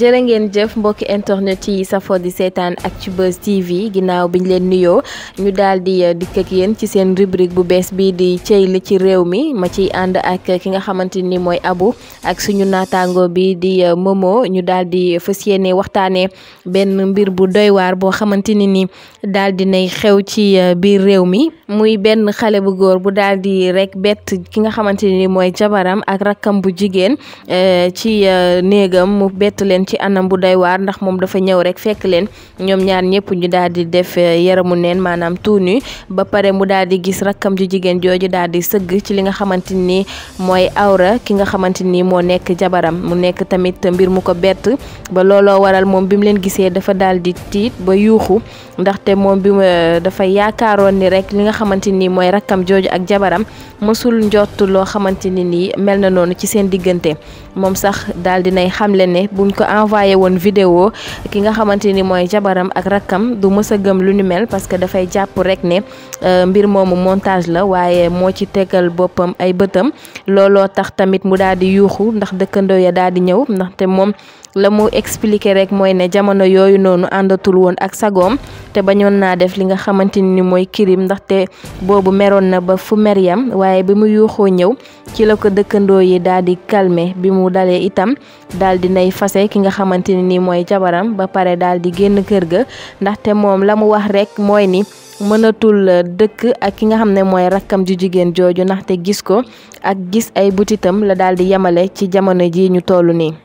jërë ngeen jëf mbokki internet ci safoo di seetaan ak ci Actubuzz TV ginnaaw biñ leen nuyoo ñu daal di eh, dikk ak yéen ci seen rubrique bu bees bii di cey li ci réew mi ma ciy ànd ak ki nga xamante ni mooy abu ak suñu naataango bi di mëmoo eh, ñu daal di fas yéene waxtaanee benn mbir bu doywaar boo xamante ni ni daal di nay xew ci eh, biir réew mi muy benn xale bu góor bu daal di rek bett ki nga xamante ni mooy jabaram ak rakkam bu jigéen ci néegam mu bett leen leen ci anam bu doy waar ndax moom dafa ñëw rek fekk leen ñoom ñaar ñëpp ñu daal di def eh, yaramu neen maanaam tuunu ba pare mu daal di gis rakkam ju jigéen jooju daal di sëgg ci li nga xamante ni mooy awra ki nga xamante ni moo nekk jabaram mu nekk tamit mbir mu ko bett ba looloo waral moom bi mu leen gisee dafa daal di tiit ba yuuxu ndaxte moom bi eh, dafa yaakaaroon ni rek li nga xamante ni mooy rakkam jooju ak jabaram mësul njott loo xamante ni mel na noonu ci seen diggante moom sax daal nay xamle ne buñ ko envoyé woon vidéo ki nga xamante ni mooy jabaram ak rakkam du mës gëm lu ni mel parce que dafay jàpp rek ne euh, mbir moomu montage la waaye moo ci tegal boppam ay bëtam looloo tax tamit mu daal di yuuxu ndax dëkkandoo ya daal di ñëw ndaxte moom la mu expliqué rek mooy ne jamono yooyu noonu àndatul woon ak sagoom te bañoon naa def li nga xamante ni mooy kirim ndaxte boobu meroon na ba fu mer waaye bi mu yuuxoo ñëw ci la ko dëkkandoo yi daal di calmer bi mu dalee itam daal di nay fase ki nga xamante ni nii mooy jabaram ba pare daal di génn kër ga ndaxte moom la mu wax rek mooy ni mënatul dëkk ak ki nga xam ne mooy rakkam ju jigéen jooju ndaxte gis ko ak gis ay butitam la daal di yemale ci jamono ji ñu toll nii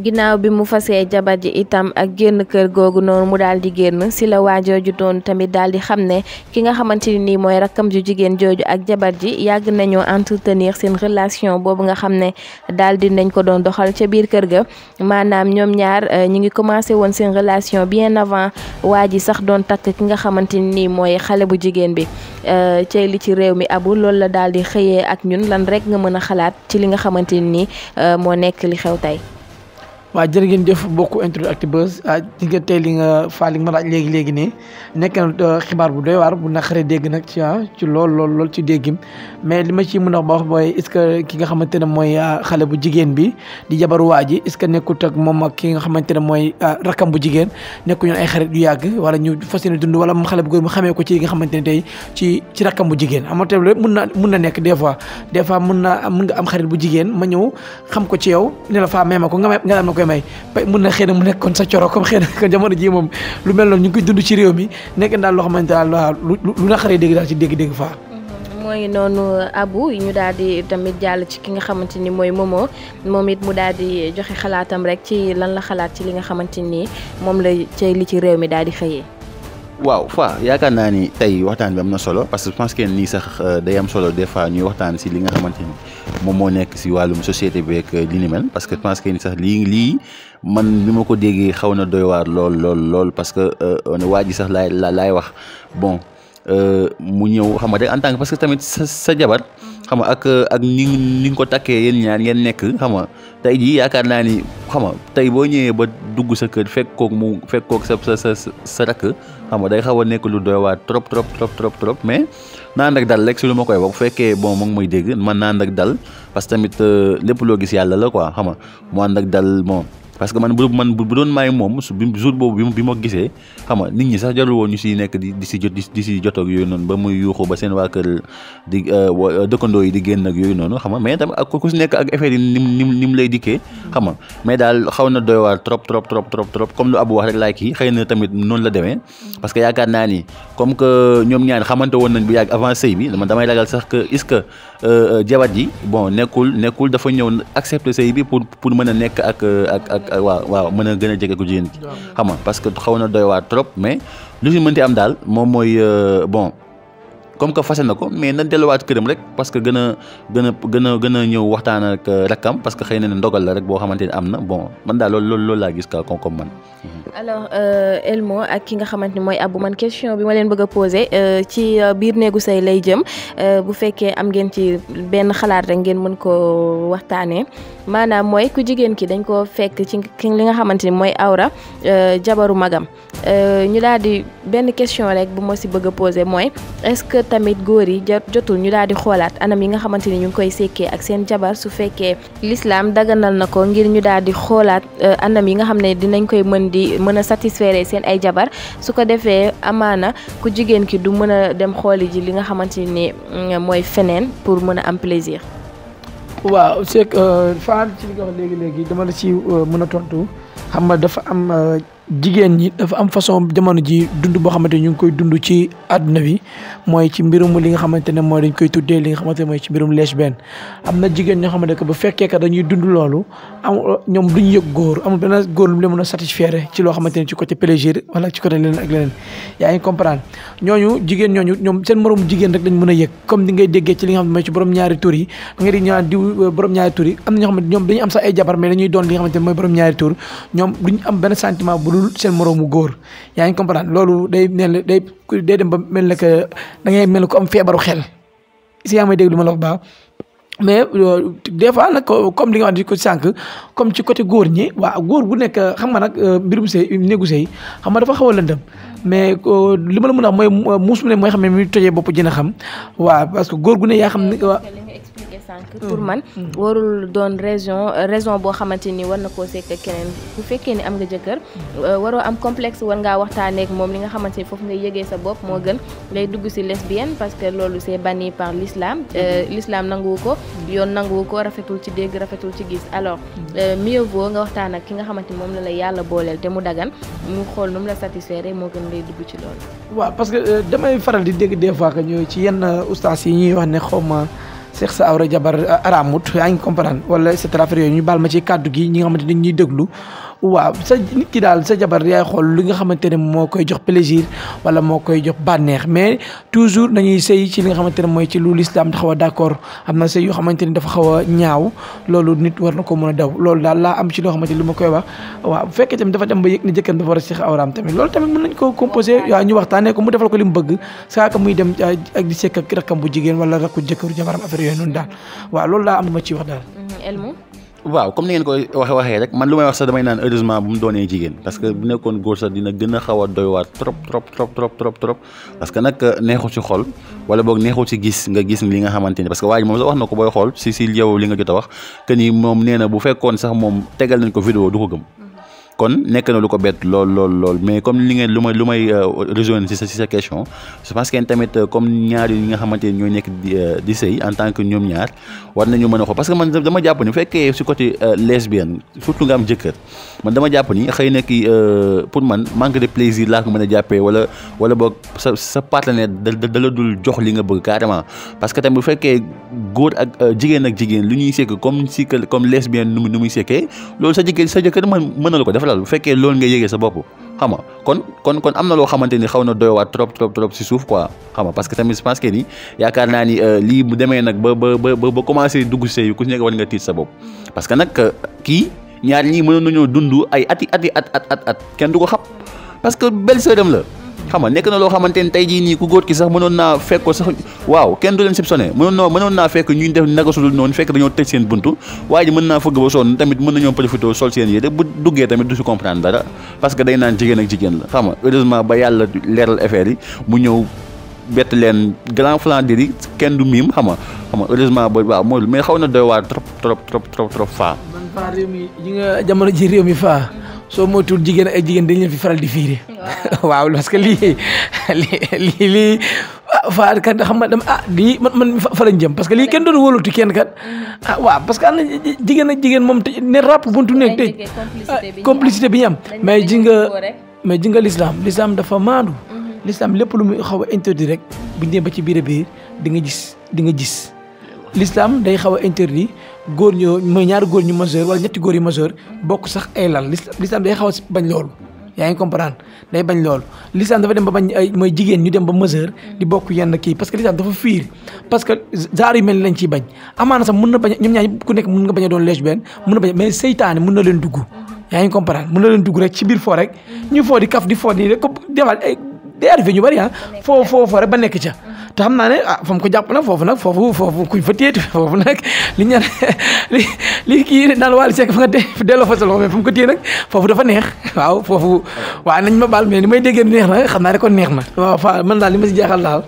ginnaaw bi mu fasee jabar ji itam ak génn kër googu noonu mu daal di génn si la waajooju doon tamit daal di xam ne ki nga xamante ni nii mooy rakkam ju jigéen jooju ak jabar ji yàgg nañoo entretenir seen relation boobu nga xam ne daal di nañ ko doon doxal ca biir kër ga maanaam ñoom ñaar euh, ñu ngi commencé woon seen relation bien avant waa ji sax doon takk ki nga xamante ni nii mooy xale bu jigéen bi euh, cey li ci réew mi abu loolu la daal di xëyee ak ñun lan rek nga mën a xalaat ci li nga xamante ni nii euh, moo nekk li xew tey waaw jërë ngeen jëf bokku interview Actubuzz ah, nga tey li nga faa li ma laaj léegi léegi ne nekk na euh, xibaar bu doy waar bu naqaree dégg nag ci ah ci lool lool lool ci déggim mais li ma ci mën a wax mooy est-ce que ki nga xamante ne mooy ah, xale bu jigéen bi di jabaru waa ji est-ce que nekkut ak moom ak ki nga xamante ne mooy ah, rakam bu jigéen nekku ñoon ay xarit yu yàgg wala ñu fas yéene dund wala moom xale bu góor mu xamee ko ci nga xamante ne tey ci ci rakam bu jigéen ama tamit loolu mun na mun na nekk des fois des fois mun na mun am xarit bu jigéen ma ñëw xam ko ci yow ne la faa meema ko nga am na ko koy may mun na xëy na mu nekk kon sa coro comme xëy na kon jamono ji moom lu mel noonu ñu ngi koy dund ci réew mi nekk daal loo xamante daal waaw lu lu naqaree dégg daal ci dégg-dégg faa mm-hmm. mooy noonu Abu ñu daal di tamit jàll ci ki nga xamante ni mooy Momo moom it mu daal di joxe xalaatam rek ci lan la xalaat ci li nga xamante ni moom la ci li ci réew mi daal di xëyee waaw fa yaakaar naa ni tey waxtaan bi am na solo parce que je pense nii sax euh, day am solo des fois ñuy waxtaan si li nga xamante ni moom moo nekk si wàllum société bi ak euh, li ni mel parce que je pense sax lii lii man bi ma ko déggee xaw na doy waar lool lool lool parce que euh, waa ji sax laay laay wax bon mu ñëw xam nga en tant parce que tamit sa sa jabar. xam nga ak ak ni ni nga ko takkee yéen ñaan ngeen nekk xam nga tey jii yaakaar naa ni xam nga tey boo ñëwee ba dugg sa kër fekk kook mu fekk kook sa sa sa sa rakk xam day xaw a nekk lu doy waar trop trop trop trop trop mais naan ak dal rek si lu ma koy wax bu fekkee bon mu ngi may dégg man naan ak dal parce que tamit euh, lépp loo gis yàlla la ko xam nga mu ànd ak dal bon. parce que man bu doon maay moom su bi jour boobu bi ma gisee xam nga nit ñi sax jarul woon ñu siy nekk di si jot yooyu noonu ba muy yuuxu ba seen waa kër euh, euh, dëkkandoo yi di génn yooyu noonu xam nga mais tamit ak ku si nekk ak effet yi nim nim ni mu lay daal xaw na doy waar trop trop trop trop comme lu abu wax rek laay kii xëy na tamit noonu la demee parce que yaakaar naa ni comme que ñoom ñaar xamante woon nañ bu yàgg avant sëy bi damay ragal sax que est Euh, euh, jabar ji bon nekkul nekkul dafa ñëw accepter sëy bi pour pour mën a nekk ak ak ak waaw waaw mën a gën a jege ku jigéen ki xam nga parce que xaw na doy waar trop mais lu mën mënti am daal moom mooy euh, bon comme que fase na ko mais nañ delluwaat këram rek parce que gën a gën a a ñëw waxtaan rek euh, am parce que xëy na ne ndogal la rek boo xamante ne am na bon man daal lool loolu loolu laa gis ka kon comme man. Mhm. alors euh, Elmo ak ki nga xamante ni mooy Abou man bi ma leen bëgg euh, ci biir néegu say lay jëm bu fekkee am ngeen ci benn xalaat rek ngeen mën koo waxtaanee maanaam mooy ku jigéen ki dañ koo fekk ci ki li nga xamante ni mooy awra jabaru magam ñu daal di benn question rek bu ma si bëgg a posé mooy est-ce que tamit góor yi jotul ñu daal di xoolaat anam yi nga xamante ni ñu ngi koy sékkee ak seen jabar su fekkee lislaam daganal na ko ngir ñu daal di xoolaat eh, anam yi nga xam ne dinañ koy mën di mën a satisfaire seen ay jabar su ko defee amaana ku jigéen ki du mën a dem xooli ji li nga xamante ni mm, mooy feneen pour mën a am plaisir. waaw c'est que euh, Fane ci li léegi léegi dama la ci euh, mën a tontu xam nga dafa am euh, jigéen ñi dafa am façon jamono ji dund boo xamante ñu ngi koy dund ci àdduna bi mooy ci mbirum li nga xamante ne mooy dañ koy tuddee li nga xamante ne mooy ci mbirum lesbienne am na jigéen ñoo xamante que bu fekkee que dañuy dund loolu am ñoom duñ góor amul benn góor lu ci loo xamante ne ci côté plaisir wala ci côté leneen ak leneen yaa ngi comprendre ñooñu jigéen ñooñu ñoom seen morom jigéen rek dañ mën a yëg comme ni ngay déggee ci li mooy ci borom ñaari tur ngay diw euh, borom ñaari tur am na ñoo xamante ñoom dañuy am sax ay jabar mais dañuy doon li mooy borom ñaari tur ñoom benn sentiment dul seen moroomu góor yaa ngi comprendre loolu day mel day day dem ba mel ne que da ngay mel ne ko am feebaru xel si yaa may dégg lu ma la wax baax mais euh, des fois li nga wax di ko comme ci côté góor ñi waaw góor bu nekk xam nga nag euh, mbirum sëy néegu sëy xam nga dafa xaw a lëndëm mais euh, li ma la mën a wax mooy muus mu ne mooy xam ne mi tojee bopp dina xam waaw parce que góor gu yaa xam sànq. Mm. pour man mm. warul doon raison euh, raison boo xamante ni war na koo sekk keneen bu fekkee ni am nga jëkkër mm. euh, waroo am complexe war ngaa waxtaaneek moom li nga xamante ni foofu ngay yëgee sa bopp moo gën lay dugg ci lesbienne parce que loolu c'est banni par l'islam euh, l'islam nanguwu ko yoon nanguwu ko rafetul ci dégg rafetul ci gis alors mieux nga waxtaan ak ki nga xamante ni moom la la yàlla booleel te mu dagan mu xool nu mu la satisfaire moo gën lay dugg ci loolu waaw parce que damay faral di dégg des fois que ci yenn ustaas yi ñuy wax ne xaw ma seex sa awra jabar euh, araamut yaa ngi comprendre wala et cetera affaire yooyu ñu baal ma ci gi ñi nga xamante ni ñuy waaw sa nit ki daal sa jabar yaay xool li nga xamante ne moo koy jox plaisir wala moo koy jox bànneex mais toujours nañuy sëy ci li nga xamante ne mooy ci lu lislaam taxaw a d'accord am yoo xamante ni dafa xaw a ñaaw loolu nit war na ko mën a daw loolu daal laa am ci loo xamante ni li ma koy wax waaw bu fekkee tamit dafa dem ba yëg ne jëkkër dafa war a seex awraam tamit loolu tamit mën nañ ko composé waaw ñu waxtaanee ko mu defal ko li mu bëgg saaka muy dem ak di sekk ak rakkam bu jigéen wala rakku jëkkëru jabaram affaire yooyu daal waaw loolu laa ma ci wax waaw comme ni ngeen koy waxe waxee rek man lu may wax sax damay naan heureusement bu mu doonee jigéen parce que bu nekkoon góor sax dina gën a a doy waar trop trop trop trop trop parce que nag euh, neexu ci xol wala boog neexu ci gis nga gis li nga xamante ni parce que waa ji moom sax wax na ko booy xool si si yow li nga jot a wax que ni moom nee na bu fekkoon sax moom tegal nañ ko vidéo du ko gëm kon nekk na lu ko bett lool lool lool mais comme li ngeen lu may lu may euh, rejoindre ci sa ci sa question je pense que tamit euh, comme ñaar yi nga xamante ni ñooy nekk euh, di sëy en tant que ñoom ñaar war nañu mën a xool parce que man dama jàpp ni fekkee ci côté lesbienne surtout nga am dama jàpp ni xëy na kii pour man manque de plaisir laa ko mën a jàppee wala wala boog sa sa partenaire da la dul jox li nga bëgg carrément parce que tamit bu fekkee góor ak jigéen ak jigéen lu ñuy sekk comme si comme lesbienne nu muy sekkee lool sa jigéen sa jëkkër mën mën na ko def rafetal bu fekkee loolu nga yëgee sa bopp xam nga kon kon kon am na loo xamante ni xaw na doy waat trop trop trop si suuf quoi xam nga parce que tamit je pense que ni yaakaar naa ni euh, lii bu demee nag ba ba ba ba commencé dugg sëy ku si nekk war nga tiit sa bopp parce que nag euh, kii ñaar ñii mënoon nañoo dund ay ati ati at at at at kenn du ko xam parce que belle sœur am la xam nga nekk na loo xamante tey jii nii ku góor ki sax mënoon naa fekk sax waaw kenn du leen soupçonné mënoon naa mënoon naa fekk ñuy def naka sudul noonu fekk dañoo tëj seen buntu waaye ji mën naa fëgg ba sonn tamit mën nañoo profité sol seen yére bu duggee tamit du si comprendre dara parce que day naan jigéen ak jigéen la xam heureusement ba yàlla leeral affaire yi mu ñëw bett leen grand flan diri kenn du miim xam nga heureusement ba waaw mooy mais xaw soo moytuwul jigéen ay jigéen dañ leen fi faral di fiire waaw parce que lii lii lii ah, faar kat xam ma dama ah lii man man fa lañ jëm parce que lii kenn doon wóolatu kenn ka mm-hmm. ah waaw parce que am jigéen ak jigéen moom tëj ne ràpp buntu nekk tëj ah, complicité bi ñu am mais ji nga mais ji nga l'islam l'islam dafa maandu mm-hmm. l'islam lépp lu muy xaw a interdit rek bu ñu ba ci biir a biir di nga gis di nga gis l'islam day xaw a interdit góor ñu mooy ñaari góor ñu majeur wala ñetti góor yu majeur bokk sax ay lal lislaam day xaw a bañ loolu yaa ngi comprendre day bañ loolu lislaam dafa dem ba bañ mooy jigéen ñu dem ba majeur di bokk yenn kii parce que lislaam dafa fiir parce que genre yu mel ni lañ ciy bañ amaana sax mun na bañ ñoom ñaar ku nekk mun nga bañ a doon lesbienne mun na bañ mais seytaane mun na leen dugg yaa ngi comprendre mun na leen dugg rek ci biir foo rek ñu foo di day arrivé ñu bari ah. foo foo foo rek ba nekk ca. Mm-hmm. te xam naa ne ah fa ko jàpp nag foofu nag foofu foofu kuñ fa téyeti foofu nag li ñu li li kii naan delloo fa sa ko téye nag foofu dafa neex waaw foofu waaw nañ ma baal mais li may déggee neex na xam naa rek kon neex na. waaw fa man daal li ma si jaaxal daal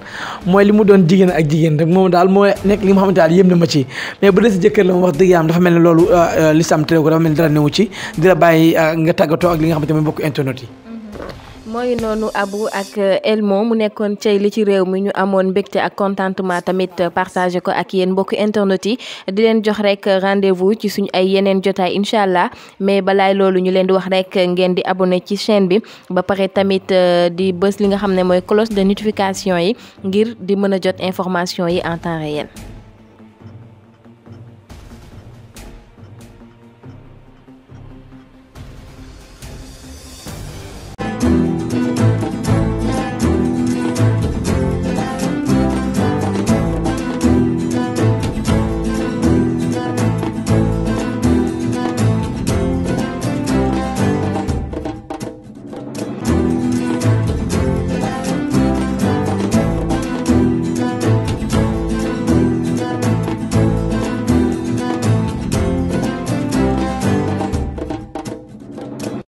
mooy li mu doon jigéen ak jigéen rek moom daal moo nekk li nga xamante daal yëm na ma ci mais bu dee si jëkkër la moom wax dëgg yàlla dafa mel ne loolu euh, euh, l'islam tere ko dafa mel ne dara newu ci dina bàyyi euh, nga tàggatoo ak li nga xamante mooy mbokk internet mooy noonu abu ak euh, Elmo mu nekkoon cey li ci réew mi ñu amoon mbégte ak contentement tamit partagé ko ak yéen mbokk internet yi di leen jox rek rendez-vous ci suñu ay yeneen jotaay incha allah mais balaay loolu ñu leen di wax rek ngeen di abonné ci chaîne bi ba pare tamit euh, di bës li nga xam ne mooy cloche de notification yi ngir di mën a jot information yi en temps réel.